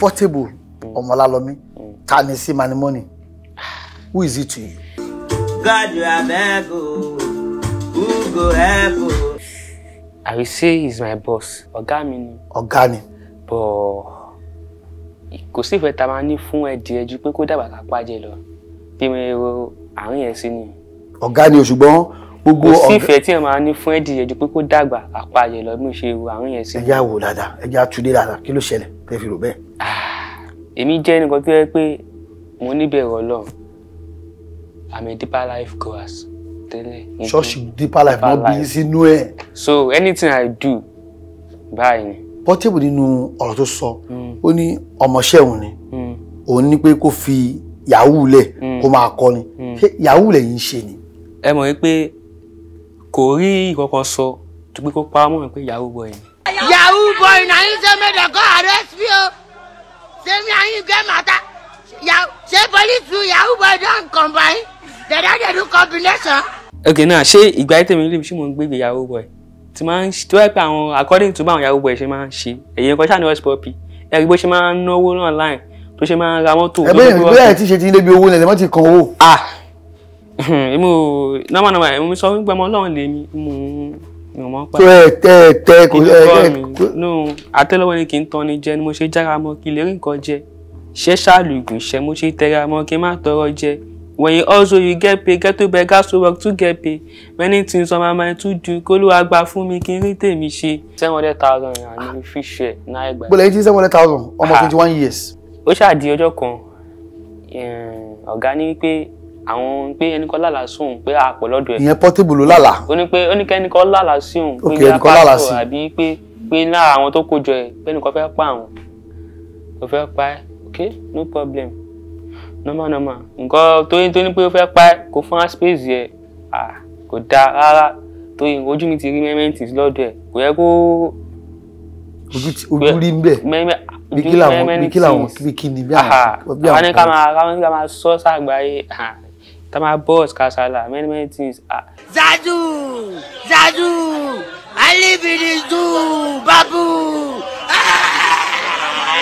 Portable mm. Ọmọlálọ́mí mm. ta ni sí Mani Money who is it to you. God you are o who go help o. I will say he's my boss ọ̀gá mi ni. ọ̀gá ni. but kò sí ìfẹ́ tá a máa ní fún ẹ̀dìyẹ ju pé kó dàgbà ká pàjẹ́ lọ bí mo àárín ẹ̀ sí ni. ọ̀gá ni o ṣùgbọ́n gbogbo ọ̀gá kò sí ìfẹ́ tí ẹ máa ní fún ẹ̀dìyẹ ju pé kó dàgbà àpààyè lọ bí ṣe wo àrùn yẹn sí. ẹ já wò dáadáa ẹ já túlé dáadáa kí ló ṣẹlẹ̀ tẹ́ fi rò bẹ́ẹ̀. Ah, èmi jẹ́ ẹnìkan tó yẹ pé mo níbẹ̀rù Ọlọ́run I'm a deeper life goers tẹ́lẹ̀. ṣọ́ọ̀ṣì deeper life mọ́ bí sínú ẹ̀. so anything I do báyìí ni. Portable nínú ọ̀rọ̀ tó sọ hmm. ó ní ọmọọṣẹ́ òun ni hmm. òun ní pé kó fi yahoo lẹ̀ hmm. kó máa kọ́ ni yahoo lẹ̀ yìí ń ṣe ni. ẹ mọ̀ wípé kò rí ìkọ̀kọ̀ sọ tó pé kó pa á pé yahoo boy ni. yahoo boy na yín ṣe mẹ́tẹ̀ kọ́ arrest me o ṣé mi àyín gẹ́ màtá ṣé police yahoo boy don combine they don combination. ok náà ṣé ìgbà yìí tèmi lébi ṣé mò ń gbé yahoo boy tí máa ń tó ẹ pé àwọn according to báwọn yahoo boy ṣe máa ń ṣe èyí nǹkan ṣáà ní west poppy ẹ rí bó ṣe máa ń náwó online tó ṣe máa ń ra mọ́tò. ẹ bẹ́ẹ̀ ni ẹ ti ṣe ti ilé bí owó ni ẹ lè má ti kan owó. ah èmi ò námànàmà èmi sọ wípé ọmọ ọlọ́run lèmi mo ìrànwọ́ pa. tó ẹ tẹ ẹ tẹ kò ẹ ẹ kò. no ni kì í tan ni jẹ ni mo ṣe jára mọ́ kí lè rí nǹkan jẹ ṣẹ́ ṣàlùgùn ṣẹ́ mo ṣe tẹra mọ́ kí n má tọrọ jẹ when you also you get pay get to beg gas to work to get pay many things on my mind to do kólúwa gba fún mi kí n rí tèmi ṣe. seven hundred thousand naira ni fi ṣe náà ẹgbẹ́. bọ́lá eighteen seven hundred thousand ọmọ ah. twenty one years. ó ṣáà di ọjọ́ kan eh, ọ̀gá ní wípé àwọn pé ẹnìkan lálàá sí òun pé àpọ̀ lọ́dọ̀ ẹ̀. ìyẹn pọ́tébù ló lálàá. ó ní pé ó ní kẹ́nìkan lálàá sí òun pé bí a pásítọ̀ àbí pé pé lára àwọn tó kójọ ẹ̀ pé ẹnìkan fẹ́ pa àwọn tó fẹ́ pa ẹ́ ok no problem normal normal nǹkan torí tó ní pé ó fẹ́ pa ẹ́ kò fún space yẹ kò dáa rárá torí ojú mi ti rí mẹ́mẹ́ntì lọ́dọ̀ ẹ̀ kò yẹ kó. ojú rí ń bẹ̀ bí kí làwọn bí kí làwọn bí kí ni bí àwọn. àwọn ní ká máa sọ ságbáyé tama boss kasala many many things. zadu zadu i live in the zoo babu ah!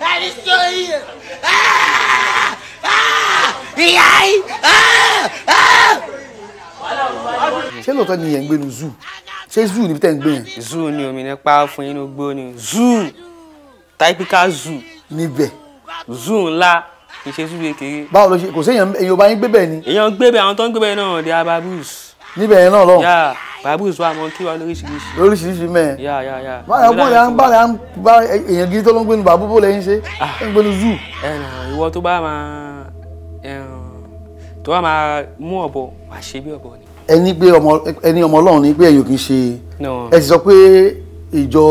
i dey show you. Ah! Ah! iyai. Ah! Ah! ṣé lóòótọ́ ni ìyẹn ń gbé nu zoo ṣé zoo níbi tẹ́ ń gbé yẹn. zoo ni omi nípa fún inú gbó ni zoo typical zoo. níbẹ̀. zoo ńlá kì í ṣe sùúrù kékeré. báwo ló ṣe kò séèyàn èyàn bá yín gbé bẹ́ẹ̀ ni. èyàn gbé bẹ́ẹ̀ àwọn tó ń gbé bẹ́ẹ̀ náà di ababus. níbẹ̀ yẹn náà lọ. yà babus wa mọ kí wa lóríṣiríṣi. lóríṣiríṣi mẹ́ẹ̀. yà yà yà. báyọ̀ bó lè ń bá lè ń bá èyàn gidi tó ló ń gbénu bàbú bó lè ń ṣe ah. ń gbénu zoo. ìwọ tó bá máa tó bá máa mú ọ̀bọ wàá ṣe bí ọ̀bọ ni. ẹni pé ọmọ ẹni ọmọ Ọlọ́run ni pé èyàn kì í ṣe ẹ ti sọ pé ìjọ.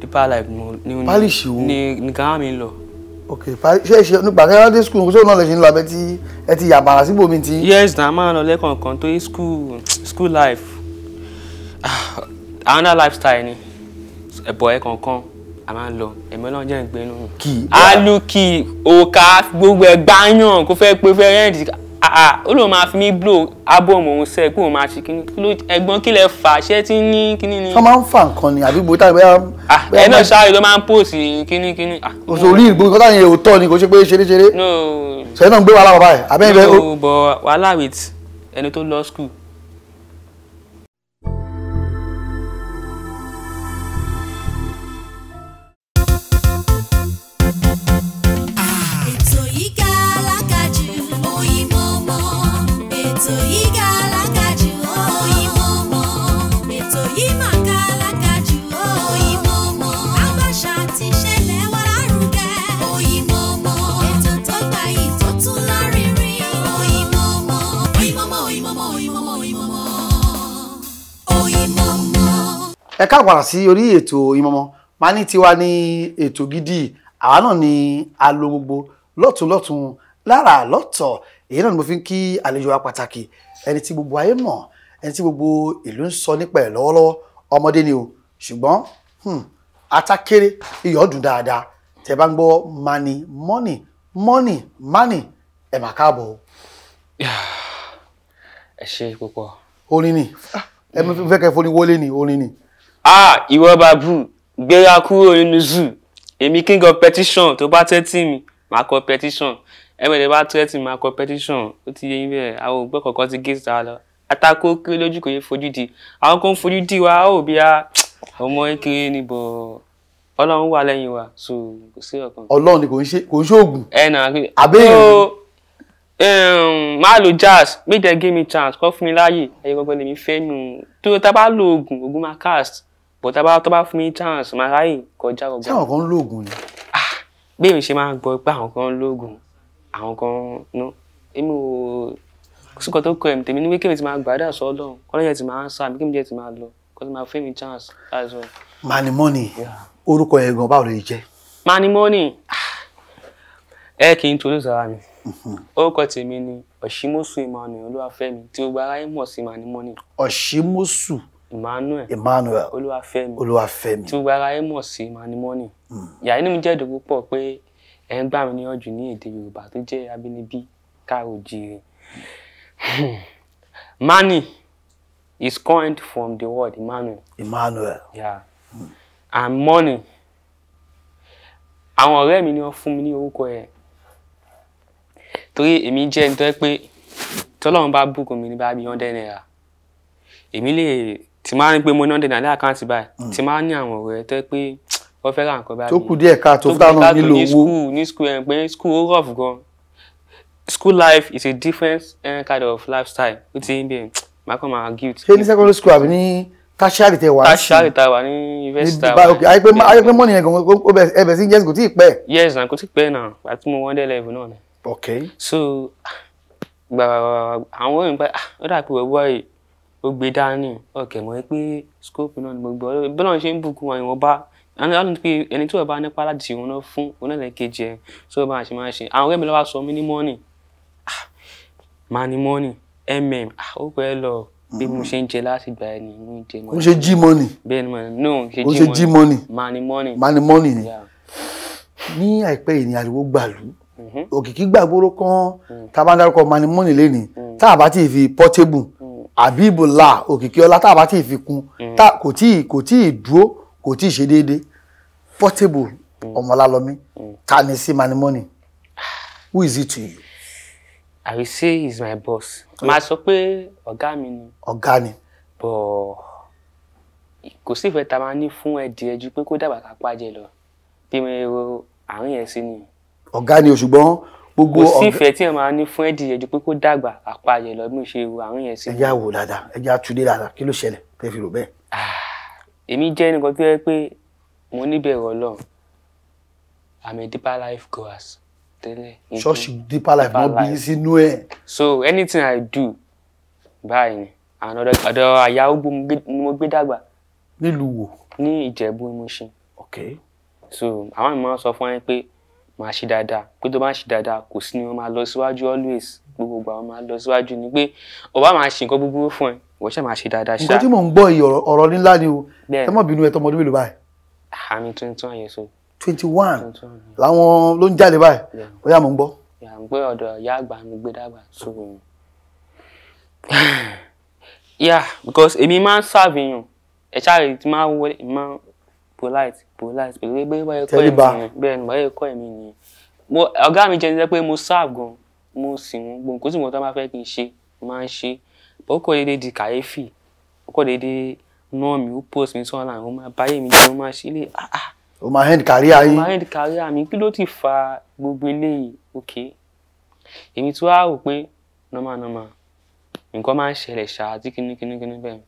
deeper life ni ni ni ghana mi lọ ok ṣe ṣe nígbà tí ẹlẹ́dẹ̀ skul ṣé náà lè ṣe ń lọ abẹ́ tí ẹ ti yàbàrà síbò mi ti. yes na máa lọ lẹ́kọ̀ọ̀kan tó school school life Ah, another lifestyle ni ẹ̀bọ̀ ẹ̀ kọ̀ọ̀kan a máa ń lọ ẹ̀mí ọlọ́run jẹ́ ìgbẹ́nu. kì í alu kì í òkà gbogbo ẹ̀ gbáyàn kó fẹ́ pé fẹ́ rẹ́ǹdì àà ah, ah, ó lóun máa fi mí blow album òun sẹ pé òun máa ṣe kíní ẹ̀gbọ́n kí lẹ fà ṣé tí ń ní kíní ni. wọ́n máa ń fa nǹkan ni àbí gbogbo ah, ẹ náà ṣáà ló máa ń pòsì kíní kíní. oṣù orí ìgbó kọ́tà yẹn ò tọ́ ni kò ṣe pé ṣeréṣeré. sẹ́yìn náà ń gbé wàhálà bàbá ẹ̀ abẹ́yẹn bẹ́ẹ̀. no wàhálà with ẹni tó lọ school ẹ káàpàdà sí orí ètò ìmọ̀mọ́ máa ní tiwa ní ètò gidi àwa náà ni a lo gbogbo lọ́tùnlọ́tùn lára lọ́tọ̀ èyí náà ni mo fi ń kí àlejò wa pàtàkì ẹni tí gbogbo ayé mọ̀ ẹni tí gbogbo ìlú ń sọ nípa ẹ̀ lọ́wọ́lọ́wọ́ ọmọdé ni o ṣùgbọ́n hmm, atakere iyọ̀ dáadáa tẹ bá ń gbọ́ mani mọ́nì mọ́nì mani ẹ̀ mà káàbọ̀ o. ẹ ṣe púpọ̀. orin ni ah, ẹ fẹ́ kẹ́ foni wọlé ni orin ni ah ìwọ babu gbéra kúrò nínú zoo èmi king of petition tó bá tẹ́tí mi màá kọ petition ẹ̀mẹ̀dẹ̀ bá tẹ́tí mi màá kọ petition ó ti yẹ yín bẹ́ẹ̀ àwọn ògbẹ́ kọ̀ọ̀kan ti gé ìta lọ àtakò kéré lójú kò yẹ fojú di àwọn kan fojú di wa ó bí a ọmọ kékeré ni bọ̀ ọlọ́run wà lẹ́yìn wa so kò sí ọ̀kan. ọlọ́run ni kò ń ṣe kò ń ṣoògùn. ẹ nà abẹ́yẹn máa lo jazz make dem give me chance kọ́ fún mi láàyè ayé gbogbo lèmi fẹ́ nù tó tá a bá lo oògùn oògùn máa cast bọ́tà bá tó bá fún mi chance máa ráyè kọjá gbogbo. sáwọn kan ń lóògùn ni. Ah, bí èmi ṣe máa ń gbọ́ pé àwọn kan ń lóògùn àwọn kan ná èmi ò sùkọ́ tó kọ ẹ̀mí tèmi ní pé kémi ti máa gbàdá sọ́ọ́lọ́ kọ́lẹ́jẹ̀ ti máa ń sá mi kémi jẹ́ ti máa lọ kọ́ ti máa fún mi chance láti sọ. mani money orúkọ yẹn gan báwo lè jẹ. mani money ah, ẹ kì í tolú sára mi mhm. orúkọ tèmi ni ọ̀ṣímọ́sù Emmanuel Olúwafẹ́mi tí gbogbo aráyé mọ̀ sí mani money. ọ̀ṣímọ́sù Emmanuel Emmanuel Olúwafẹ́mi Olúwafẹ́mi tí gbogbo ara ẹ mọ̀ sí Mani Money hmm. ìyá inú mi jẹ́dùn púpọ̀ pé ẹ ń gbà mí níyànjú ní èdè Yorùbá tó jẹ́ abínibí káàró jìrì Mani hmm. is coined from the word Emmanuel Emmanuel yeah mm. and money àwọn ọ̀rẹ́ mi ni wọ́n fún mi ní orúkọ ẹ̀ torí èmi jẹ́ nítorí pé tọ́lọ́run bá bùkún mi ní bá bí hundred naira èmi lè tí máa ń pé mo ná dènà àkáǹtì báyìí hmm. tí máa ń ní àwọn ọ̀rẹ́ tẹ́ pé wọ́n fẹ́ ra nǹkan báyìí. tó kù díẹ̀ káàtó fúlànà nílò owó ní school ẹ̀ pé school ó rough gan school life is a different uh, kind of lifestyle ó ti ń bẹ̀ máa kàn máa guilt. ṣé ní secondary school àbí ní tertiary tẹ wá sí tertiary tẹ wá ní university wa ok àyè pé yẹn gan ẹbẹ̀ sí yes kò tí ì pẹ́. yes na kò tí ì pẹ́ na àti mo wọ́n dé level náà ok so gbàgbà àwọn èèyàn ó gbé dání ọkẹ mọ̀ pé scope náà ni mo gbọ́ bí náà ṣe ń bùkún wọn ìwọ̀n bá àwọn pé ẹni tí wọ́n bá nípa láti ṣe wọn náà fún onílẹ̀kejì ẹ̀ tí wọ́n bá ṣe máa ṣe àwọn ọ̀rẹ́ mi lọ́wọ́ sọ mí ní mọ́ọ̀nì máa mọ́ọ̀nì mm ó pẹ́ lọ bí mo ṣe ń jẹ láti gbà ẹ ní jẹ mọ́ọ̀nì. mo ṣe jí mọ́ọ̀nì. bẹ́ẹ̀ ni mo no ṣe jí mọ́ọ̀nì máa mọ́ọ̀nì. máa mọ́ọ̀nì ni ní àìpẹ́ yìí ni ariwo gbàlú mm-hmm. òkìkí gbàgbóró kan mm. tá a bá ń dárúkọ máa mọ́ọ̀nì lénìí mm. tá a bá ti fi portable Abibullah Òkìkíọlá tá a bá ti fi kún mm. kò tí kò tí ì dúró kò tí ì ṣe déédé Portable mm. Ọmọlálọmí mm. ta ni sí Mani Money who is it to you. I will say he is my boss. Màá sọ pé ọ̀gá mi ni. Ọ̀gá ni. Bọ̀ kò sí ìfẹ́ ta máa ní fún ẹ̀dì ẹjú pé kó dàgbà ká pàjẹ́ lọ bí mo àárín ẹ̀ sí ni. Ọ̀gá ni o ṣùgbọ́n gbogbo ọgá kò sí ìfẹ́ tí ẹ máa ní fún ẹdìyẹ ju pé kó dàgbà àpààyè lọ bí mo ṣe wo àrùn yẹn sí. ẹja wò dáadáa ẹja túlé dáadáa kí ló ṣẹlẹ̀ tẹ́ fi rò bẹ́ẹ̀. Ah, èmi jẹ́ ẹnìkan tó yẹ pé mo níbẹ̀rù Ọlọ́run I'm a deeper life goers tẹ́lẹ̀. ṣọ́ọ̀ṣì deeper life mọ́ bí sínú ẹ̀. so anything I do báyìí ni àwọn ọ̀dọ̀ àyáwó ni mo gbé dàgbà. nílùú wo. ní Ìjẹ̀bú Mùṣín. ok. so àwọn ìmọ̀ sọ fún ẹ pé máa ṣe dáadáa pé tó bá ń ṣe dáadáa kò sí ni wọ́n máa lọ síwájú always gbogbo ìgbà máa lọ síwájú ni pé ọba máa ṣe nǹkan búburú fún ẹ wọ́n ṣe máa ṣe dáadáa ṣá. nǹkan tí mò ń gbọ́ yìí ọ̀rọ̀ ńlá ni o ẹ má bínú ẹ tọmọ mélòó báyìí. àmì ah, twenty one years old. twenty one làwọn ló ń jáde báyìí ó yà mò ń gbọ́. yà ń gbé ọ̀dọ̀ ìyá àgbà mi gbé dàgbà sóhun. yà because èmi máa ń sàbíyàn ẹ̀ ṣáà polite polite pẹ̀lú pé bẹ́ẹ̀ báyẹn kọ́ ẹ̀mí bẹ́ẹ̀ ni báyẹn kọ́ ẹ̀mí nìyẹn mo ọ̀gá mi jẹ́ ní pé mo serve gan mo sì wọ́n gbọ́n kó sì wọ́n tó máa fẹ́ kí n ṣe máa ń ṣe bó kọ́ déédéé di kàyéfì ó kọ́ déédéé náà mi ó post mi sọ́nà àwọn máa báyé mi jẹun máa ṣe lè ah ah. o máa hand career yín. o máa hand career mi kí ló ti fa gbogbo eléyìí ok èmi tí wàá rò pé normal normal nǹkan máa ń ṣẹlẹ̀ ṣáà àti kínní kínní kínní bẹ́ẹ̀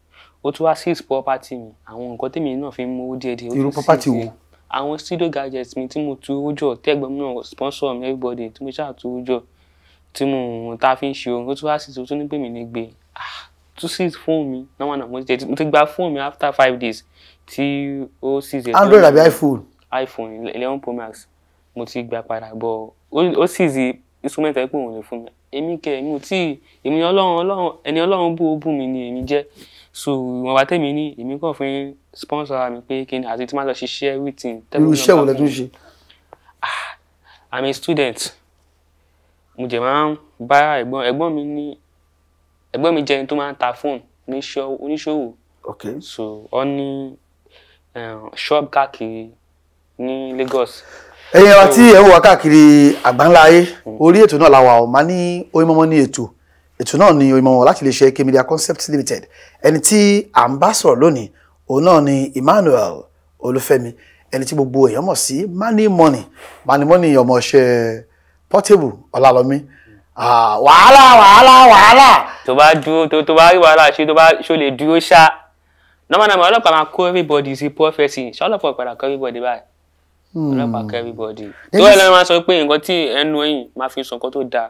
ó tún wá six property mi àwọn nǹkan tèmi náà fi ń mú owó díẹ̀ díẹ̀. irú property wo. àwọn studio gadgets mi tí mo tu owó jọ tẹ́gbọ́n mi náà sponsor mi everybody tí mo ṣáà tu owó jọ tí mo ta fi ń ṣe orin ó tún wá six ó tún ní pè ní gbé ah two six fóònù mi náà wà náà mo ti ti gba fóònù mi after five days tí ó six. android àbí iphone. iphone eleven pro max mo ti gbà padà bọ ó sì zi instrument ẹ pé òun lè fún mi èmi kẹ mi ò tí èmi ọlọ́run ọlọ́run ẹni ọlọ́run bú ó bú mi ni èmi jẹ́ so ìwọ̀n bá tèmi ní èmi kàn fún sponsor mi pé kí ni àti tí máa lọ ṣiṣẹ́ everything. irú iṣẹ́ wo lẹ tún ṣe. Ah, i'm a student mo jẹ máa ń bá ẹ̀gbọ́n ẹ̀gbọ́n mi ní ẹ̀gbọ́n mi jẹ́ ẹni tó máa ń ta fóònù oníṣòwò okay. so ọ ní ṣọ́ọ̀bù eh, káàkiri ní Lagos ẹ̀yin ẹwà tí ẹ ń wà káàkiri àgbáńlá ayé hmm. orí ètò náà làwà ọ̀ máa ní Oyinmomo ní ètò ètò náà ni ìmọ̀ wọn láti lè ṣe AK Concepts Limited ẹni tí à ń bá sọ̀rọ̀ lónìí òun náà ni Emmanuel Olufemi. ẹni tí gbogbo èèyàn mọ̀ sí Mani Money Mani Money ọmọọṣẹ́ Portable Ọlálọ́mí wàhálà wàhálà wàhálà. tó bá dúró tó tó bá rí wàhálà ṣe tó bá ṣó lè dúró ṣá normal normal ọlọ́pàá máa kó everybody sí prophecy ṣé ọlọ́pàá padà kọ́ everybody báyìí hmm. ọlọ́pàá kọ́ everybody tó ẹ̀ lọ́nà máa sọ pé nǹkan tí ẹnu ẹ̀yìn máa fi sọ nǹkan tó dáa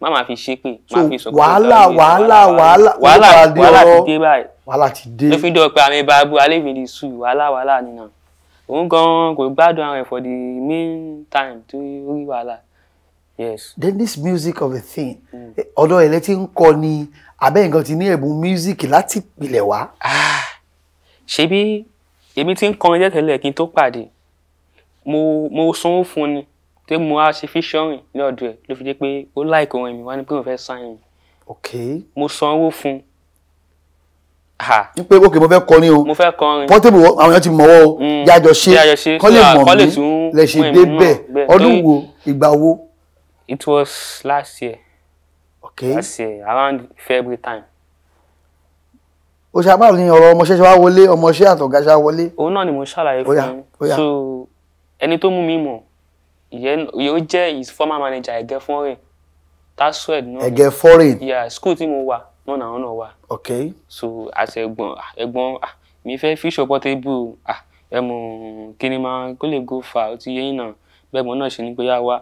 má máa fi ṣépè má fi sọ pé wàhálà wàhálà wàhálà wàhálà wàhálà ti dé báyìí wàhálà ti dé ló fi dọ̀ pé àmì babu alevidi su wàhálà wàhálà nínà òun gan kò gbádùn àwọn ẹ̀fọ́ the main time tó rí wàhálà yes. then this music of a thing mm. ọ̀dọ̀ ẹ̀lẹ́ ti ń kọ ni abẹ́ nǹkan ti ní ẹ̀bùn music láti ìpìlẹ̀ wá. Ah, ṣebí èmi ti ń kọrin tẹ́tẹ̀lẹ̀ kí n tó pàdé mo mo sanwó fún ni tó mo wá ṣe fíṣọ́rìn ní ọ̀dọ̀ ẹ̀ ló fi jẹ́ pé ó láìkó wọn mi wá ní pé mo fẹ́ sáyìn mi. ok mo san owó fún un. n pé ok mo fẹ́ kọrin o mo fẹ́ kọrin pọ́ńtébù àwọn èèyàn ti mọ̀wọ́ o mm. yájọ ṣe kọ́ lè mọ̀ mí ṣe dé bẹ́ẹ̀ ọdún wo ìgbà wo. it was last year okay. last year around February time ó ṣe abáàlú ọ̀rọ̀ ọmọṣẹ́ ṣe wá wọlé ọmọṣẹ́ àtọ̀gá ṣe wọlé. òun náà ni mo ṣàlàyé fún un so ẹni tó mú mi mọ̀ yóò jẹ́ his former manager foreign. That's taswed náà ẹ̀gẹ́ foreign. yeah school tí mo wà no, làwọn náà wà. ok so àti ẹ̀gbọ́n ah, ẹ̀gbọ́n ah, mi fẹ́ fi ṣọpọ́tébù ah, ẹ mọ̀ kíni máa kó lè go far ó ti yẹ yín náà bẹ́ẹ̀ mọ́ náà ṣe ni pé yá wá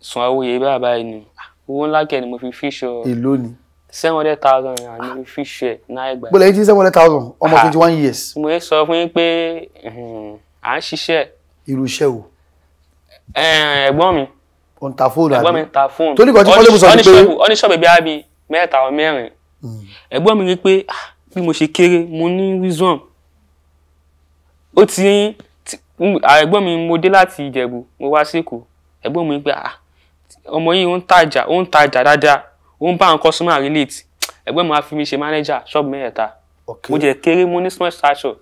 san owó yẹ báyà báyìí ni owó ńlá kẹ́ ni mo fi fi ṣọ. èló ni seven hundred thousand naira ni mo fi ṣe náírà gbà. bọ́lá yìí ti seven hundred thousand Almost twenty one years. mo yẹ sọ fún yín pé hmm, à ń ṣiṣẹ́. irú iṣẹ́ wo. Eh, ẹ̀gbọ́n mi. o ń ta fóònù àbí ẹ̀gbọ́n mi ta fóònù. torí kan tí fọlẹ́bù sọ ni pé oníṣọ́ọ̀bù bíi abi mẹ́ta ọ mẹ́rin. Hmm. ẹ̀gbọ́n mi rí pé ah, bí mo ṣe kéré mo ní wisdom. ó ti ẹ̀gbọ́n mi mo dé láti Ìjẹ̀bú mo wá síkù ẹ̀gbọ́n mi pé ah, ọmọ yìí ó ń tajà ó ń tajà dáadáa ó ń bá àwọn customer relate ẹ̀gbọ́n mi wá fi mi ṣe manager ṣọ́ọ̀bù mẹ́ta mo jẹ́ kéré mo ní small stature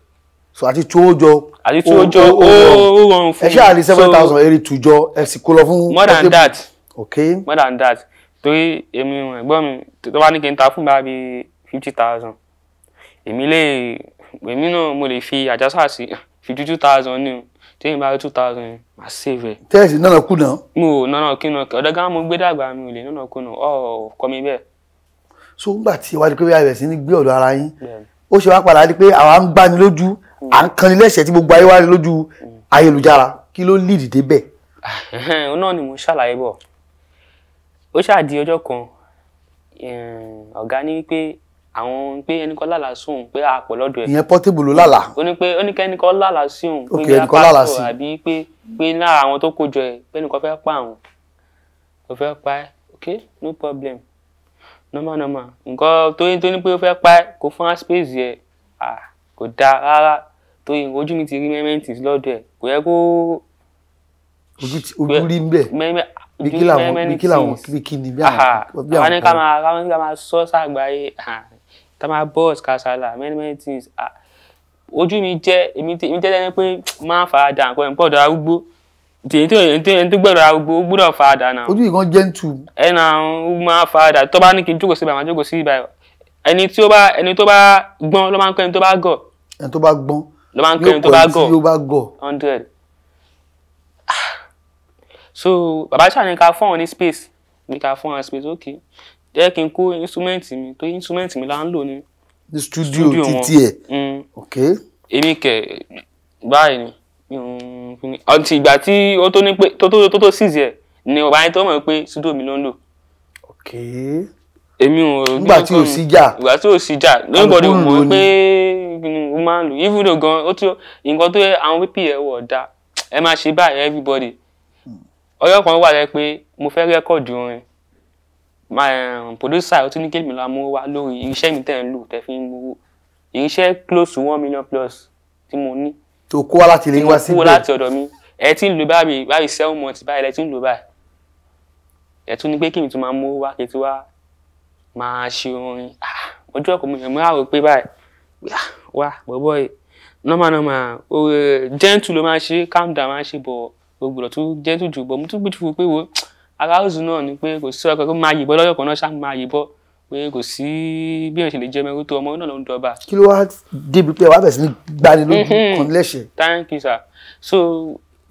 so àti tí ó jọ àti tí ó jọ ó rọrùn fún mi ẹ ṣáà ní seven thousand èrè tùjọ ẹ sì kó lọ fún. more than that okay more than that torí èmi ẹ̀gbọ́n mi tó bá ní kí n ta fún bá bíi fifty thousand èmi lè èmi náà mo lè fi àjàsà sí fifty two thousand ní o tí bá rí two thousand mà save ẹ. tẹ́ẹ̀sì náà kùnà. mo ò nánà kùnà ọ̀dọ́ gan mo gbé dàgbà mi ò lè nánà kùnà ọ̀ kọ́ mi bẹ́ẹ̀. so ngbà tí ìwádìí pé bí a bẹ̀rẹ̀ sí ní gbé ọ̀dọ̀ ara yín ó ṣe wá padà di pé àwa ń gbani lójú à ń kan nílẹ̀ṣẹ̀ tí gbogbo ayé wá lójú ayélujára kí ló lead débẹ̀. òun náà ni mo ṣàlàyé bọ̀ ó ṣáàdì ọjọ́ kan ọ̀gá ní wípé àwọn pé ẹnìkan lálàá sí òun pé àpọ̀ lọ́dọ̀ ẹ̀. ìyẹn pọ́tébù ló lálàá. ó ní pé ó ní kẹ́nìkan lálàá sí òun pé bí apáṣọ àbí pé pé lára àwọn tó kó jọ ẹ̀ pé ẹnìkan fẹ́ pa àwọn ó fẹ́ pa ẹ́ ok no problem normal normal nǹkan tó ní tó ní pé ó fẹ́ pa ẹ́ kó fún space yẹ kò dáa rárá torí ojú mi ti rí mẹ́mẹ́ntì lọ́dọ̀ ẹ̀ kò yẹ kó. ojú rí bẹ́ẹ̀ bíkí làwọn bíkí làwọn bíkí ni bí àwọn bí àwọn. àwọn ní ká máa ká máa ká máa sọ sàgbáyé ká máa bọ́ọ̀sì kásálà many many things ojú mi jẹ́ èmi jẹ́ lẹ́ni pé máa fara dà nǹkan ẹ̀ ń pọ̀ dọ̀ arúgbó tèyí tó yẹn tó gbọ́dọ̀ arúgbó ó gbọ́dọ̀ fara dà náà. ojú ìkan jẹ́ ń tu. ẹ náà ó máa fara dà tó bá ní kí n jókòó síbà máa jókòó síbà ẹni tó bá ẹni tó bá gbọ́n ló máa ń kọ́ ẹni tó bá gọ̀. ẹni tó bá gbọ́n ló máa ń kọrin tó bá gọ̀ yóò bá gọ̀ hundred ah. so bàbá ṣáà ní ká fún wọn ní space ní ká fún wọn space ok jẹ́ kí n kó instrument mi tó instrument mi là ń lò ní ní studio títí ẹ̀ mm. ok. èmi kẹ báyìí ni ọtí ìgbà tí ó tó ní pé tó tó tó tó six yẹ ni ọba yẹn tó mọ̀ pé studio mi ló ń lò. ok èmi ò nígbà tí ò ìgbà tí ò sí jà nobody mọ̀ pé ó máa ń lò even though gan ó tún nǹkan tó yẹ àwọn wípé ẹ wọ̀ ọ̀dà ẹ máa ṣe báyìí everybody hmm. ọjọ́ kan wà lẹ́ pé mo fẹ́ rẹ́kọ̀dì orin um, pòdúsà ó tún ní kí èmi lọ́mú wá lórí irinṣẹ́ mi tẹ̀ ń lò tẹ̀ fi ń gbowó irinṣẹ́ close to one million plus tí mo ní. tó kó wá láti lè wá síbẹ̀ tó kó láti ọ̀dọ̀ mi ẹ ti ń lò báyìí báyìí seven months báyìí ẹ ti ń lò báyìí ẹ tún ní pé kí mi tún máa mú wá kí n tún wá máa ṣe orin ah, ojú ọkọ mi yàn mí àrò pé báyìí ah, wá bọ́bọ́ yìí normal normal gentle ló máa ṣe calm down máa ṣe bọ̀ gbogbo ọ̀tún gentle jù bọ̀ mo tún gbìjú pé wo ara òzù náà ni pé kò sí ọkọ pé máa yìnbọn lọ́yọ̀kan náà ṣáà máa yìnbọn pé kò sí bí èèyàn ṣe lè jẹ mẹ́rin tó ọmọ náà ló ń dọba. kí ló wá débi pé wàá bẹ̀rẹ̀ sí ní gbani mm-hmm. kan lẹ́sẹ̀. thank you sir so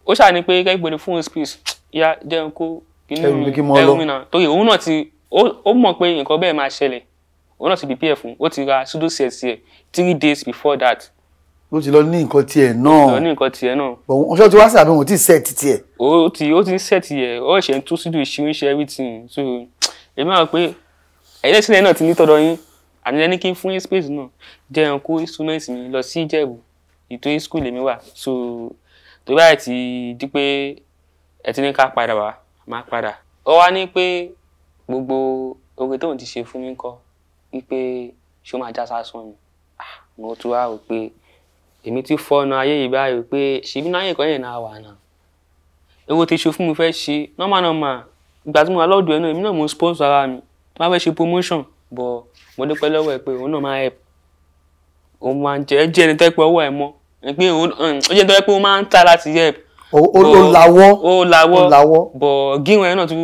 ó ṣàní pé kẹ́gbẹ́ni fún space yá jẹun kó inú ẹrù mi náà torí òun náà ti ó mọ̀ pé nǹkan bẹ́ẹ̀ máa ṣẹlẹ̀ òun náà ti prepare fún ó ti ra pseudoset tiẹ̀ three days before that. ló ti lọ ní nǹkan tiẹ̀ náà ló ní nǹkan tiẹ̀ náẹ̀. bọ̀ wọ́n ṣọ́ ti wá sàbẹ̀ wọn tí set tiẹ̀. ó ti ó ti set tiẹ̀ ó ṣe ń tún sídùú ìṣiríṣi everything so èmi àwọn pé ẹ̀yẹ́dẹ́ sílẹ̀ náà ti ní tọ́dọ̀ yín àti ẹni kí n fún yín space náà jẹ́ ẹ̀hún kó instrument mi lọ sí ìjẹ̀bù ìtòyí school èmi wà so tó báyìí ti di pé ẹ ti ní ká padà wá máa padà ó wá ní pé gbogbo oore tóun ti ṣe fún mi kọ́ wípé ṣó máa já sásán ni ah, mo tún wá rò pé èmi ti fọ́nà ayé yìí báyìí pé ṣèbí náà ayé kan yẹn náà wà náà owó ti ṣe fún mi fẹ́ ṣe nọ́mà nọ́mà ìgbà tí mo wà lọ́dọ̀ ẹ̀ náà èmi náà mo sponsor ara mi tí wọ́n fẹ́ ṣe promotion bọ̀ mo dúpẹ́ lọ́wọ́ ẹ̀ pé òun náà máa help òun máa ń jẹ́ ẹ jẹ́ ẹni tó pé ọwọ́ ẹ̀ mọ́ ẹ pé ó jẹ́ ẹni tó pé ó máa ń ta láti help. ó lawọ́ ó lawọ́ bọ̀ gíwọ̀n ẹ̀ náà tún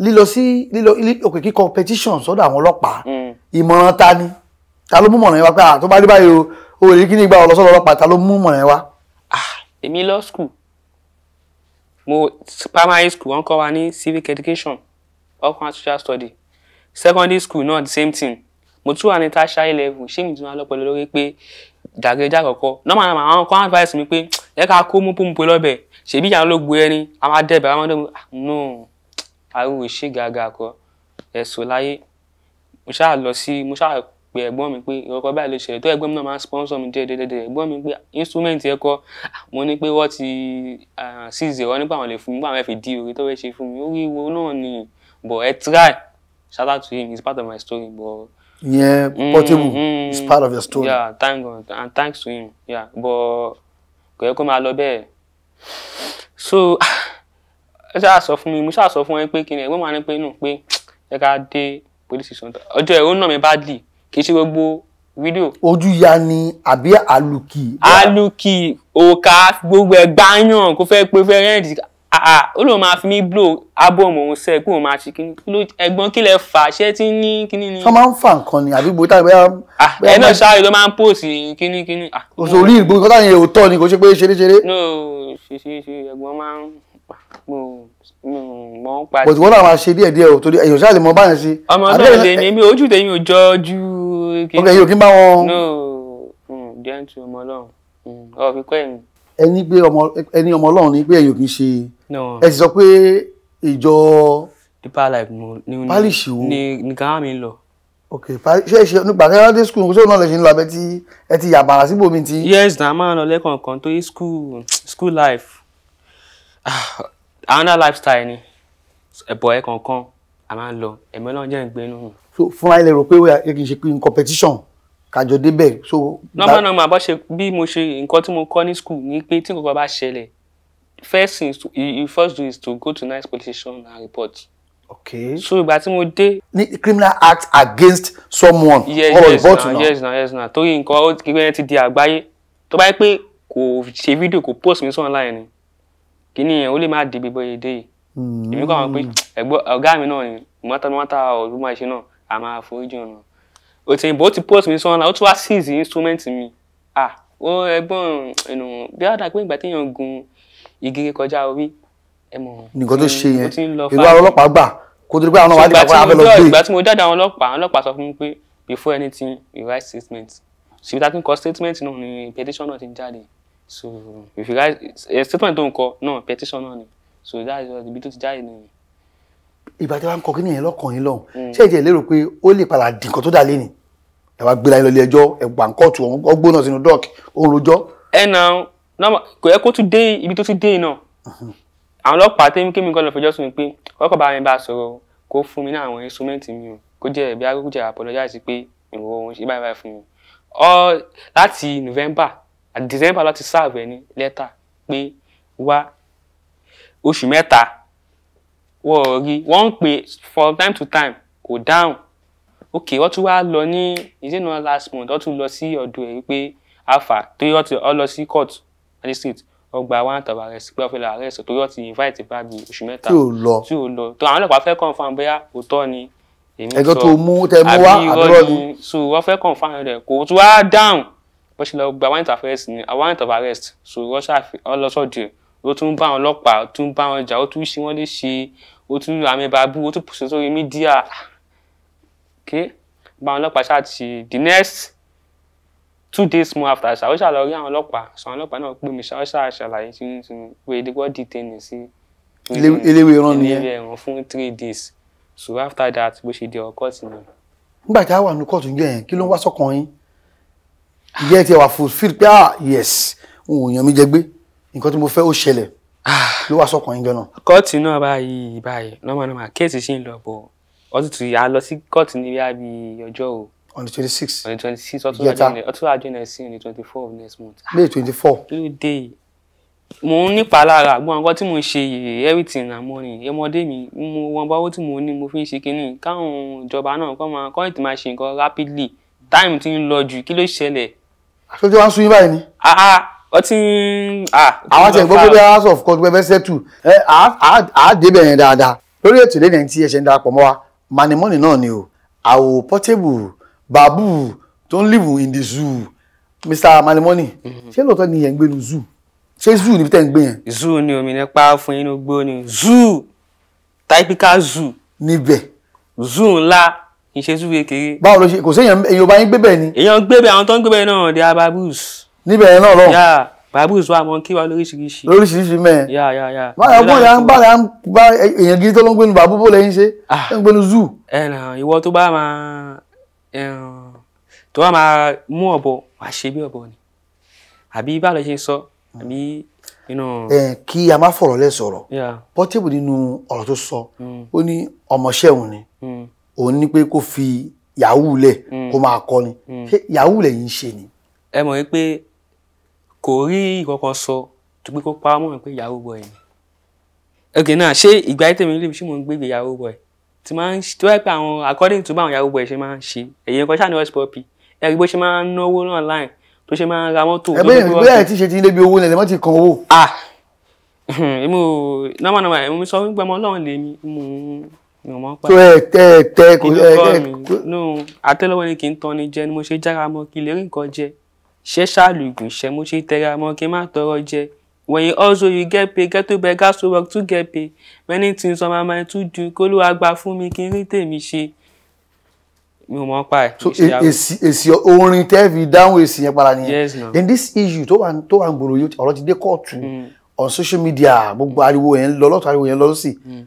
lílọ sí lílọ òkè kí competition sọ́dọ̀ àwọn ọlọ́pàá hmm. ìmọ̀ràn ta ni ta ló mú mọ̀ràn yẹn wá pé à ah, tó bá dé báyìí o o lè kí ni gba ọlọ́sọ́dọ̀ ọlọ́pàá ta ló mú mọ̀ràn yẹn wá. Ah, èmi lọ school mo primary school wọ́n kọ́ wa ní civic education ọkùnrin social study secondary school náà the same thing mo tún wà ní tertiary level ṣé mi tún wà lọ́pọ̀ lórí pé dàgẹ́jà kọ̀kọ́ normal normal àwọn kan advice mi pé ẹ ká kó mú pòmùpé lọ́bẹ̀ ṣèbí ìyàwó ló gbé ẹni àwọn adẹ́bẹ̀ àwọn ọmọdé mi ah no ariwo ìṣègàgà kọ ẹ̀sùn láyé mo ṣáà lọ sí mo ṣáà pé ẹ̀gbọ́n mi pé ìrọ̀kọ́ báyìí ló ṣẹlẹ̀ tó ẹ̀gbọ́n mi náà máa ń sponsor mi díẹ̀díẹ̀díẹ̀ ẹ̀gbọ́n mi pé instrument ẹ kọ́ mo ní pé wọ́n ti six zero nípa àwọn lè fún mi nípa àwọn ẹ̀fẹ̀ di orí tó fẹ́ ṣe fún mi orí wo náà ni but ẹ try shout out to him it's part of my story but. ìyẹn yeah, mm-hmm, portable mm, mm-hmm. is part of your story. yeah thank God and thanks to him yeah but kò yẹ kó máa lọ bẹ́ẹ̀ so ẹ ṣáà sọ fún mi mo ṣáà sọ fún wọn pé kí ni ẹ̀gbọ́n máa ní pé nù pé ẹ ká dé police station ọjọ́ ẹ̀ ó nà mí badly kì í ṣe gbogbo fídíò. ojú ya ni àbí àlùkì. àlùkì òkà gbogbo ẹ̀ gbáyàn kó fẹ́ pé fẹ́rẹ́ǹdì ó lóun máa fi mí blow album òun sẹ pé òun máa ṣe kí ni ẹ̀gbọ́n kí lẹ fà ṣé tí ní kíní ni. sọ máa ń fa nǹkan ni àbí gbòótà bẹ́ẹ̀. ẹ náà ṣáàrì ló máa ń post kíní kíní. òṣòrí ìgbòho kọ́tà yẹn òótọ́ ni kò ṣe pé ṣeré ṣeré. no ṣe ṣe ṣe ẹ̀gbọ́n máa ń mọ̀ ń pa. bọ̀dù wọ́n náà máa ṣe díẹ̀ díẹ̀ o torí èyàn ṣáà lè mọ báyẹn sí. ọmọ náà lè ní mi ojú tèmi ò jọ ju. ok yóò kí no mm, jẹ́ ń tu ọmọ ọlọ́run mm, ọ̀ fi kọ́ ẹ̀yìn. ẹni pé ọmọ ẹni ọmọ ọlọ́run ni pé èyàn kì í ṣe. ẹ sì sọ pé ìjọ. deeper life mo ni ni ni ghana mi lọ ok ṣe ṣe nípa kẹ́rọ́dé school ṣé òun náà lè ṣe ń lọ tí ẹ ti yà bàrà síbò mi yes na máa lọ lẹ́kọ̀ọ̀kan tó yí school life ah, àwọn lifestyle ni ẹ̀bọ̀ ẹ̀ kankan a máa ń lọ ẹ̀mí náà jẹ́ ìgbénu. so fúnra ẹ lè rò pé ẹ kì í ṣe pé competition kàjọ débẹ̀ so. nọ́mbà nọ́mbà bá ṣe bí mo ṣe nǹkan tí mo kọ́ ní school ni pé tí nǹkan bá ṣẹlẹ̀ first thing to, you, first do is to go to nice police station and report. okay so ìgbà tí mo dé. ní criminal act against someone. yes yes na yes na yes na torí nǹkan kíkẹ́ yẹn ti di àgbáyé tó bá yẹ pé kò ṣe fídíò kò post mi sọ́nà láyé ni kíní yẹn ó lè má débi bóyá èdè yìí hmm. èmi kọ́ àwọn pé ẹ̀gbọ́n ọ̀gá mi náà ni mọ́tàmọ́tà ọ̀dún máa ṣe náà a máa foríjì ọ̀nà òtẹ̀yìnbó ti post mi sọ́nà ó tún wá síìsì instrument mi ah ó ẹ̀gbọ́n ẹnu bí wàá dà pé ìgbà téèyàn gun igi kọjá orí ẹ mọ̀ nǹkan tó ṣe yẹn ìlú àwọn ọlọ́pàá gbà kó tó pé àwọn ọmọ adìgbà fún abẹ́lọ́ gbé. ìgbà tí mo jáde àwọn ọlọ́pàá àwọn ọlọ́pàá sọ fún mi pé before anything you write statement ṣùgbọ́n tí a ti ń kọ statement náà ni petition náà ti jáde so if you guys ẹ eh, statement tó ń kọ náà petition náà ni so that is ibi tó ti jáde náà ni. ìgbà tí wàá ń kọ kí nìyẹn lọ́kàn yín lọ́hùn mm. ṣé ìjẹ́ lérò pé ó lè padà dín nǹkan tó dà lẹ́nìí ẹ wá gbéra yín lọ ilé ẹjọ́ ẹ gbà ń kóòtù ọgbó náà sínú dọ́ọ̀kì òun lójọ́. ẹ na kò yẹ kó tún dé ibi tó tún dé iná mhm. àwọn ọlọ́pàá tẹ́mi kémi kan lọ fẹjọ́ sùn pé ọkọ̀ bá mi bá sọ̀rọ̀ kó fún mi ní àwọn instrumenti mi o kó jẹ́ ẹ̀bí agbókùjẹ́ apologize pé ìwọ òun ṣe báyìí báyìí fún mi. láti November At december láti sáàbẹ̀ ní lẹ́tà pé wá oṣù mẹ́ta wọ́n rí wọ́n ń pè from time to time kò dáhùn ok wọ́n tún wá lọ ní ìdènà last month wọ́n tún lọ sí ọ̀dọ̀ ẹ̀ wípé alpha torí wọ́n ti lọ sí court magistrate ọgbà one tàbí arrest pé ọfẹlẹ arrest torí wọ́n ti invite bá bíi oṣù mẹ́ta tí ò lọ tí ò lọ tó àwọn ọlọ́pàá fẹ́ confam bóyá òótọ́ ni èmi sọ ẹgbẹ tó ni so wọ́n fẹ́ confam rẹ̀ kò tún wá dáhùn bó ṣe lọ gba warrant of arrest ni a warrant of arrest so russia ọlọsọdẹ ó tún bá àwọn ọlọ́pàá ó tún bá àwọn ọjà ó tún ṣe wọn léṣe ó tún àmì babu ó tún pòṣẹ sórí mídíà ké bá àwọn ọlọ́pàá ṣáà ti the next two days more after ṣáà ó ṣáà lọ rí àwọn ọlọ́pàá ṣọ àwọn ọlọ́pàá náà pè mí ṣáà ó ṣáà ṣàlàyé sí mi pé ìdíwọ́ dìtẹ́nì sí eléwé ẹran nìyẹn eléwé ẹran fún three days so after that bó ṣe di ọkọ sí mi. nígbà tí a wà ní kóòtù yẹn kí ló ń wá sọ́kàn yín ìyẹn ti wà fulfil pé ah yes òun èèyàn mi jẹ gbé nǹkan tí mo fẹ́ ó ṣẹlẹ̀ ah. ló wá sọkàn yín jọ́nà. kóòtù náà báyìí báyìí nọ́mọ̀nọ́mọ̀ kéèsì ṣì ń lọ bọ̀ ọtún tù yà á lọ sí kóòtù ní bí i ọjọ́ o. on the twenty six on the twenty six ọtún àjọ náà sí on the twenty four of next month. Ah. may twenty four. two day mo ń nípa lára àgbọn nǹkan tí mo ń ṣe yìí everything na morning ọmọdé mi mo wọn bá owó tí mo ní mo fi ń ṣe kínní káwọn ìjọba náà kọ́ máa kọ́ ètò máa ṣe nǹkan rapidly time ti ń lọ jù kí ló ṣẹlẹ̀ àṣojú wa ń sun yín báyìí ni. Ah, ah, ọ ti ń. Ah, àwọn àti ẹ̀gbọ́n pé house of court pé ṣẹ́tù àádébẹ̀ yẹn dáadáa lórí ètò ìlẹ́yìn tí ẹ̀ṣẹ̀ ń darapọ̀ mọ́ wa manimọ́nì náà ni o àwò pọ́tébù bàbù tó ń live in the zoo mr manimọ́nì mhm. ṣé lóòótọ́ ni yẹn ń gbé nu zoo ṣé zoo níbi tẹ́ ń gbé yẹn. zoo ni omi nípa fún inú gbó ni zoo typical zoo. níbẹ̀. zoo ńlá ìṣesú kékeré. báwo ló ṣe kò séèyàn èyàn bá yín gbé bẹ́ẹ̀ ni. èyàn gbé bẹ́ẹ̀ àwọn tó ń gbé bẹ́ẹ̀ náà they are babus. níbẹ̀ yẹn náà lọ. yà babus wa mọ kí wa lóríṣiríṣi. lóríṣiríṣi mẹ́ẹ̀. yà yà yà. báyọ̀ bọ́ ya ń bá ya ń bá èyàn gidi tó ló ń gbénu bàbú bó lẹ́yìn ṣe. Ah. tó ń gbénu zoo. ẹ eh, nà ìwọ tó bá máa eh, tó bá máa mú ọ̀bọ wàá ṣe bí ọ̀bọ ni àbí báwo ló ṣe sọ àbí eh, kí a má fọ̀rọ̀ lẹ́ sọ̀rọ̀ Portable nínú ọ̀rọ̀ tó sọ hmm. ó ní ọmọọṣẹ́ òun ni hmm òun ní pé kó fi yahoo lẹ̀ hmm. kó máa kọrin hmm. ṣé yahoo lẹ̀ yìí ń ṣe ni. ẹ mọ̀ pé kò rí ìkọ̀kọ̀ sọ tó pé kó pa á mọ̀ pé yahoo boy ni. ok náà ṣé ìgbà ayé tèmi lè ṣé mò ń gbégbé yahoo boy tí máa ń tó wáyé pé àwọn according to báwọn yahoo boy ṣe máa ń ṣe èyí nǹkan ṣáà ni wọ́n ṣe pọ́pì ẹ̀rí bó ṣe máa ń náwó online tó ṣe máa ń ra mọ́tò. ẹgbẹ́ ìgbéyàwó ti ṣe ti ilé bí ah èmi ò normal normal èmi sọ wípé ọmọ ọlọ́run lèmi tó ẹ tẹ ẹ tẹ kò ẹ ẹ. no àtẹ́lẹwọ́ ni kì í tán ni jẹ ni mo ṣe jára mọ́ kí lè rí nǹkan jẹ ṣe ṣàlùgùn ṣe mo ṣe tẹra mọ́ kí n má tọrọ jẹ when also you get pay get to beg gas to work to get pay many things on my mind to do kó ló fún mi kí n rí tèmi ṣe mi ò mọ̀ pa ẹ. so e, èsì èsì orin tẹ́ fi dáhùn èsì yẹn para nìyẹn yes no In this issue tó wà tó wà ń gbòòrò yìí ọ̀rọ̀ ti dé kóòtù mm. on social media gbogbo ariwo yẹn lọ lọ́tọ̀ ariwo yẹn lọ sí. Mm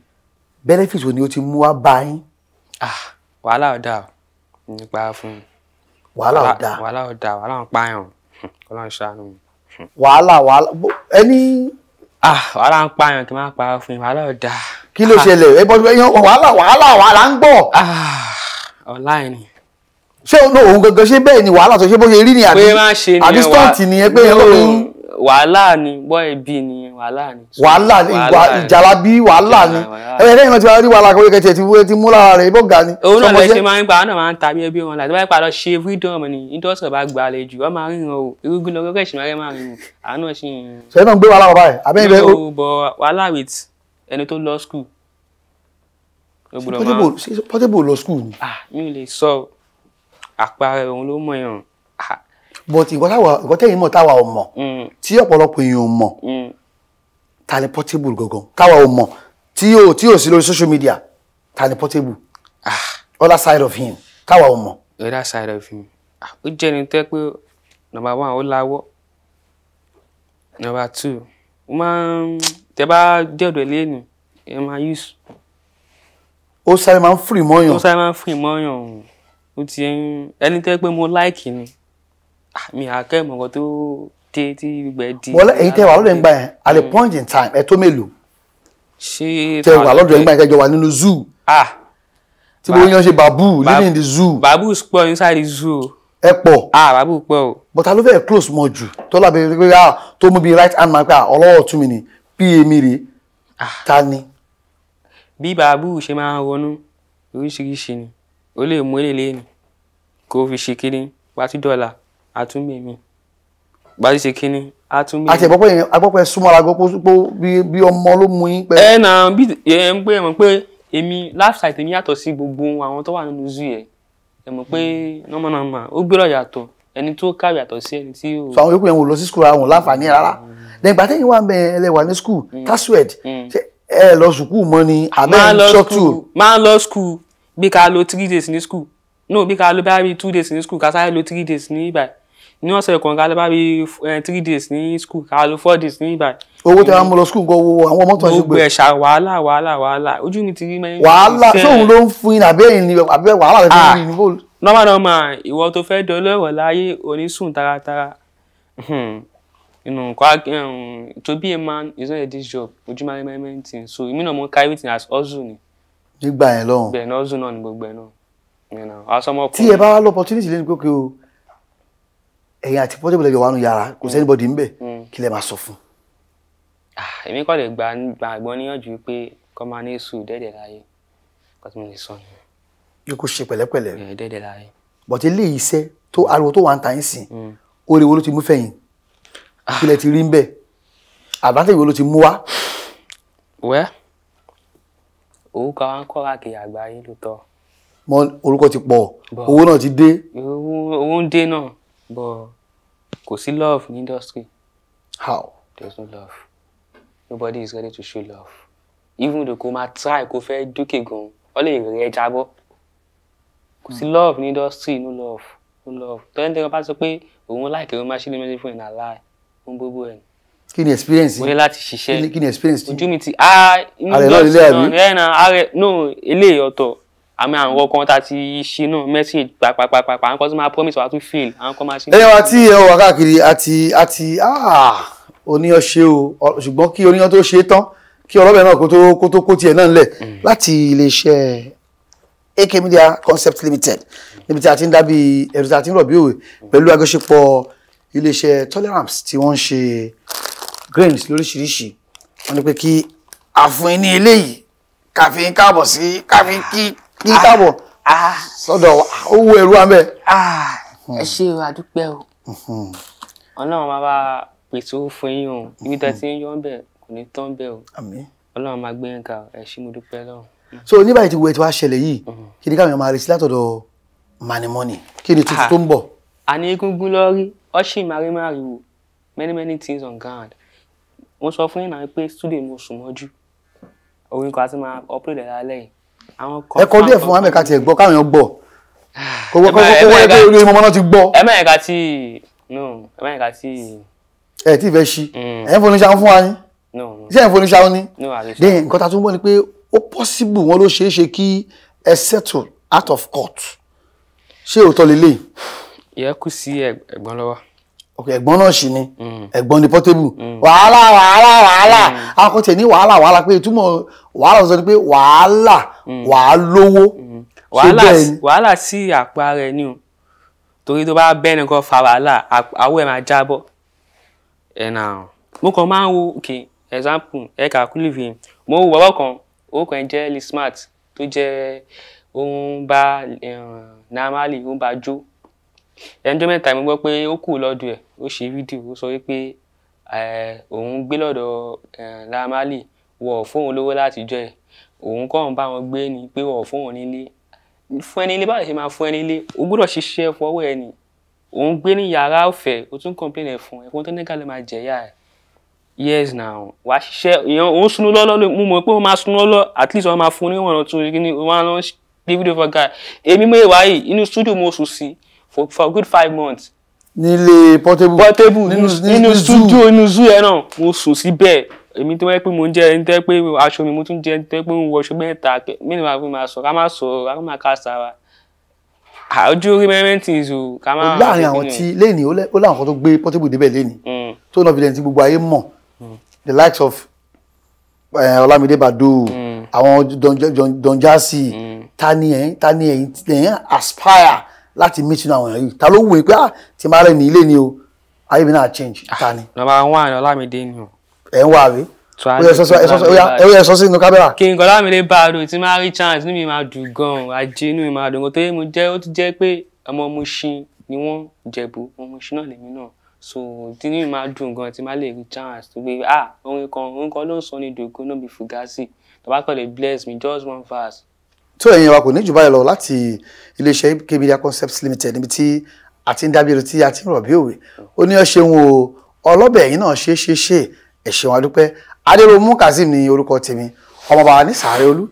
Benefits wo ni o ti mú wá bá yín. Ah, wàhálà ọ̀dà ò nípa fún un. wàhálà ọ̀dà wàhálà ọ̀dà wàhálà ń pààyàn ọlọ́run ṣàánú mi. wàhálà wàhálà ẹni. Ah, wàhálà ń pààyàn kí n má pa fún un wàhálà ọ̀dà. kí ló ah. ṣẹlẹ̀ ẹ bọ́ wàhálà wàhálà wàhálà ń gbọ́. online ni ṣé òun gangan ṣe bẹ́ẹ̀ ni wàhálà tó ṣe bó ṣe rí ni àbí àbí stunt ni ẹ pé ẹ lọ́ọ́ wàhálà ni bọ́ ẹbí ni wàhálà ni. wàhálà ni ìjàlá bí wàhálà ni ẹ̀yẹ lẹ́yìn náà ti wá rí wàhálà kan kẹ̀kẹ́ tí wọ́n ti mú lára rẹ̀ ibò ga ni. òun náà lè ṣe máa ń gba àwọn náà máa ń ta bí ẹbí wọn láti wáyé padà ṣe freedom ni industry bá gba àlè jù wọ́n máa ń rìn o irúgbìn lọ́wọ́ kẹ̀sì máa rẹ̀ máa rìn o àwọn náà ṣì ń. sẹ́yìn náà ń gbé wàhálà bàbá ẹ̀ abẹ́yìn bẹ́ẹ̀ o. bọ̀ wàhálà with ẹni tó lọ school. portable lọ school ah mi ò lè sọ àpárẹ̀ òun but ìkọ́ tẹ́yìn mọ̀ táwa ò mọ̀ mm. tí ọ̀pọ̀lọpọ̀ èèyàn ò mọ̀ mm. ta ni portable gangan táwa ò mọ̀ tí yóò tí yóò sí lórí social media ta ni portable Ah, other side of him táwa ò mọ̀. other side of him ah, ó jẹ́ ẹni tó yẹ pé number one ó láwọ́ number two ó máa ń tẹ bá dé ọ̀dọ̀ ilé ẹ máa use. ó sáré máa ń fìrì mọ́yàn. ó sáré máa ń fìrì mọ́yàn ó ti ẹni tó pé mo like ni. Ah, mi àkẹ́ mọ̀kàn tó dé tí gbẹ di. bọ́lá èyí tẹ wà lọ́dọ̀ nígbà yẹn at a mm. point in time ẹ tó mélòó. ṣé tẹ wà lọ́dọ̀ nígbà yẹn tẹ wà nínú zoo. ah tí mo yan ṣe babu living in the zoo. babu pọ̀ inside the zoo. ẹ pọ̀. ah babu pọ̀ o. but ta ló fẹ́ close mọ jù tọ́lá bẹ̀rẹ̀ pé ah tó mú bi right hand man pé ah ọlọ́wọ́ tún mi ni pa mi rè ah. ta ni. bí babu ṣe máa ń ronú oríṣiríṣi ni ó lè mú eléyìí ni kó fi ṣe kíní wá dọ́là àtúngbèmí gbàdí ṣe kínní àtúngbèmí. àti ìpọ́pọ́ yẹn agbọ́pọ̀ ẹ súnmọ́ ara gbọ́ pé bí ọmọ ló mú yín pẹ́. ẹ nà bí ẹ ń pè mọ̀ pé èmi lifestyle tèmi yàtọ̀ sí gbogbo àwọn tó wà nínú zoo yẹn ẹ mọ̀ pé normal normal ó gbérò yàtọ̀ ẹni tó kàwé yàtọ̀ sí ẹni tí ó. sọ àwọn yòókù yẹn wò lọ sí skul àwọn láǹfààní rárá dẹ̀gbà mm. tẹ́yìn wà mẹ́ ẹlẹ́wà ní skul tasued mm. mm. ẹ lọ sùkúù mọ́ ni abẹ́ ṣọ́tù. máa lọ skul bí ká lò three days ní skul no bí ká lò bá rí two days ní skul ká sáré lò three days ní ibà ní ọ̀sẹ̀ kan ká lọ bá eh, three days ní school ká lọ four days ní ìbàdàn. owó tí a mú lọ school gan owó àwọn mọ́tò àṣegbè. gbogbo ẹ̀ṣà wàhálà wàhálà wàhálà ojú mi ti rí mẹ́rin. wàhálà sóun ló ń fún iná abẹ́yìn ni abẹ́ wàhálà rẹ̀ fi rí ní bọ́ọ̀lù. Ah, normal normal ìwọ tó fẹ́ dọlọ́rọ̀ láyé onísùn taratara you hmm. know, hmm, to be a man is not a day job. Ojú máa ń mẹ́rin mẹ́rin tí. So, èmi náà mo carry everything as hustle ni. Nígbà yẹn lọ́hùn. Bẹ́ẹ̀ ni hustle náà ni gbogbo ẹ̀ náà. Tí ẹ bá wá lọ opportunity lẹ́nu pé kí o ẹ̀yin àti Portable ẹjọ wà nù yàrá kò sí mm. anybody ń bẹ̀ mm. kí lẹ máa sọ fún. Ah, èmi kọ́ lè gba àgbọn níyànjú pé kọ́ máa ní sùúrù dẹ́dẹ̀ láyé kọ́ tí mo lè sọ nù. yóò kó ṣe pẹ̀lẹ́pẹ̀lẹ́. Eh, dẹ́dẹ̀ láyé. bọ̀tí ilé iṣẹ́ tó mm. ariwo tó wà ń ta yín sìn oore wo ló ti mú fẹ̀yìn ah. kí lẹ ti rí ń bẹ̀ advantage wo ló ti mú wá. wẹ́ẹ́ orúkọ wa ń kọ́ káàkiri àgbáyé lóòótọ́ but kò sí love ní industry. how. there's no love nobody is ready to show love even though kò máa try kò fẹ́ dókè gan ọ lè rẹ̀ ẹ́ jábọ́ kò sí hmm. love ní industry no love no love tọ́lẹ́ni tẹ́lẹ̀ bá sọ pé òun láìkẹ́ òun máa ṣe lè mẹ́sẹ̀ fún ìnà láì fún gbogbo ẹ̀ kí ni experience yìí mo ní láti ṣiṣẹ́ kí ni experience yìí ojú mi ti ah inú industry náà rẹ̀ náà no eléyìí ọ̀tọ̀ àmì àwọn ọkàn tá a ti ṣe náà message àwọn kan tó máa promise wa tún fail àwọn kan máa ṣe. ẹyẹ wa tí wà káàkiri àti àti ah, oníyan ṣe o ṣùgbọ́n kí oníyan tó ṣe tán kí ọlọ́bẹ̀ náà kó tó kó tiẹ̀ náà ńlẹ̀ mm. láti iléeṣẹ́ AK Media Concept Limited níbi tí a ti ń dábì ẹ̀rù tí a ti ń rọ̀ òwe pẹ̀lú àjọṣepọ̀ iléeṣẹ́ tolerance tí wọ́n ń ṣe grains lóríṣiríṣi wọ́n ní pé kí àfún ní eléyìí káfíń káàbọ̀ sí káfíń kí kí káàbọ̀ ah, ah. sọ́dọ̀ owó ẹ̀rú abẹ́. Ah, ẹ hmm. ṣe àdúpẹ́ o hmm. ọlọ́run máa bá pèsè owó fún yín o hmm. ibi tá a ti ń yọ ọ́nbẹ̀ kò ní tán bẹ́ẹ̀ o ọlọ́run máa gbé yín ká ẹ ṣé mo dúpẹ́ lọ́run. so ní báyìí ti wo ètò àṣẹlẹ̀ yìí kí ni káwọn máa retí látọ̀dọ̀ mani money kí ni tuntun tó ń bọ̀. àní egungun lọ́rí ọ̀sìn màrímàrí wo many many things on ground mo sọ fún yín náà pé studio mo sùn mọ́jú òun kan àti máa upload ẹ̀ lálẹ́ yìí ẹ kọ díẹ̀ fún wa mẹ́ka tiẹ̀ gbọ́ káwọn èèyàn gbọ́ kówó kówó ẹgbẹ́ orí ọmọ náà ti gbọ́. ẹ mẹ́ka tí no ẹ mẹ́ka tí. ẹ tí ì fẹ́ ṣí mm. ẹ ń foni ṣáá fún wa ni ṣé ẹ ń foni ṣáá ni then nǹkan ta tún bọ́ ni pé ó possible wọn ló ṣeé ṣe kí ẹ settle out of court ṣé òótọ́ lélẹ́yìn. ìyẹn kù sí ẹ̀gbọ́n lọ́wọ́ ẹ̀gbọ́n náà ṣì ni mm. ẹ̀gbọ́n ni portable mm. wàhálà wàhálà wàhálà mm. akọ̀tẹ̀ ní wàhálà wàhálà pé ìtumọ̀ wàhálà sọ ni pé wàhálà wàá lówó. wàhálà sí àpá rẹ ni o torí tó bá bẹ́ẹ̀ nìkan fa wàhálà àwọ̀ ẹ̀ máa jábọ̀ ẹ̀ náà mo kàn máa ń wo okay example ẹ̀ kà kú lè mo wo bàbá kan orúkọ ẹ̀ jẹ́ lee smart tó jẹ́ òun bá eh, normally òun bá jó ẹnjọ́ mẹ́ta mo gbọ́ pé ó kù lọ́dọ̀ ẹ̀ ó ṣe fídíò ó sọ wípé òun gbé lọ́dọ̀ Lamali wọ̀ fóun lówó látijọ́ ẹ̀ òun kọ́ ń bá wọn gbé ni pé wọ̀ fóun nílé fún ẹni ilé báyìí ṣe máa fún ẹni ilé o gbọ́dọ̀ ṣiṣẹ́ fọwọ́ ẹni òun gbé ní yàrá ọ̀fẹ́ o tún complain ẹ̀ fún ẹ̀ tó ní ká lè máa jẹ̀yà ẹ̀ yes now wàá ṣiṣẹ́ èèyàn òun sunú lọ́lọ́ mo mọ̀ pé ó máa sunú lọ́lọ́ at least wọ́n máa fún ní wọ̀nà tún kí ni wọ́n á lọ dé fídíò fọ́gà èmi mọ̀ èèwà inú studio mo sùn sí i for, for a good five months. nílé portable portable nínú studio inú zoo yẹn náà mo sùn síbẹ̀ èmi tó yẹ pé mo ń jẹ ẹni tó yẹ pé aṣọ mi mo tún jẹ ẹni tó yẹ pé mo ń wọṣọ mẹ́ta mẹ́rin máa fi máa sọ ká má sọ ká má ká sára ojú orí mẹ́rẹ́ntì ìzò ká má. láàrin àwọn tí lẹ́nìí ó láwọn kan tó gbé portable débẹ̀ lẹ́nìí hmm. tó náà fi lẹ́yìn tí gbogbo ayé mọ̀ hmm. the likes of Ọlámídé eh, Bàdó hmm. àwọn Don Jazzy ta ni ẹ̀yin aspire láti meet inú àwọn èèyàn yìí ta ló wù pé ah tí máa rẹ ní ilé ni o ayé mi náà change ah, ta ni. nàbà wọn àná Ọlámídé ni o. ẹ ń wá rèé ó yẹ sọ sínú kámẹ́rà. kí n kọ́ Ọlámídé bá a dùn tí máa rí chance inú mi máa dùn gan-an ajé inú mi máa dùn gan-an tó yẹ mo jẹ́ ó ti jẹ́ pé ọmọ Mùṣín ni wọ́n Jẹ̀bú ọmọ Mùṣín náà lèmi náà so tí inú mi máa dùn gan-an tí máa lè rí chance tó gbé ah orin kan orin kan ló ń sọ ní dògún náà bí Fugazi tó bá kọ́ lè bless me just one verse tó ẹ̀yin wa kò ní jù báyìí lọ láti iléeṣẹ́ AK Concepts Limited níbi tí a ti ń dábìrì tí a ti ń rọ̀ bí òwe ó ní ọṣẹ wọn o ọlọ́bẹ̀ ẹ̀yin náà ṣe é ṣe ṣe ẹ̀ṣẹ̀ wọn adúpẹ́ adéròmú kazeem ni orúkọ tèmi ọmọ bàbá ní sàárẹ̀ olú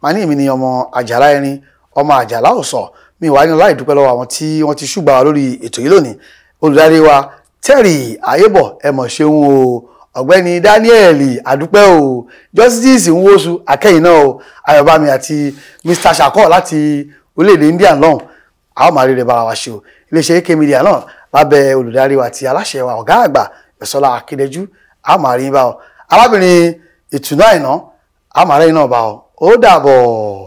màá ní èmi ni ọmọ àjàlá irin ọmọ àjàlá ọ̀sọ̀ mi wà ní ọlá ìdúpẹ́ lọ́wọ́ àwọn tí wọ́n ti ṣùgbà lórí ètò yìí lónìí olùdarí wa tẹ́rì ayébọ̀ ẹ ṣeun o ọ̀gbẹ́ni Daniel adúpẹ́ o justice nwosu akẹ́yìn náà o ayọ̀bámi àti Mr Shako láti orílẹ̀-èdè India náà a ó máa rí rẹ̀ bára wa ṣe o iléeṣẹ́ AK media náà lábẹ́ olùdarí wa àti aláṣẹ wa ọ̀gá àgbà Ẹ̀sọ́lá Akíndẹ́jú a ó máa rí bá ọ arábìnrin ìtùnú àìná a máa rẹ́yìn náà bá ọ ó dàbọ̀.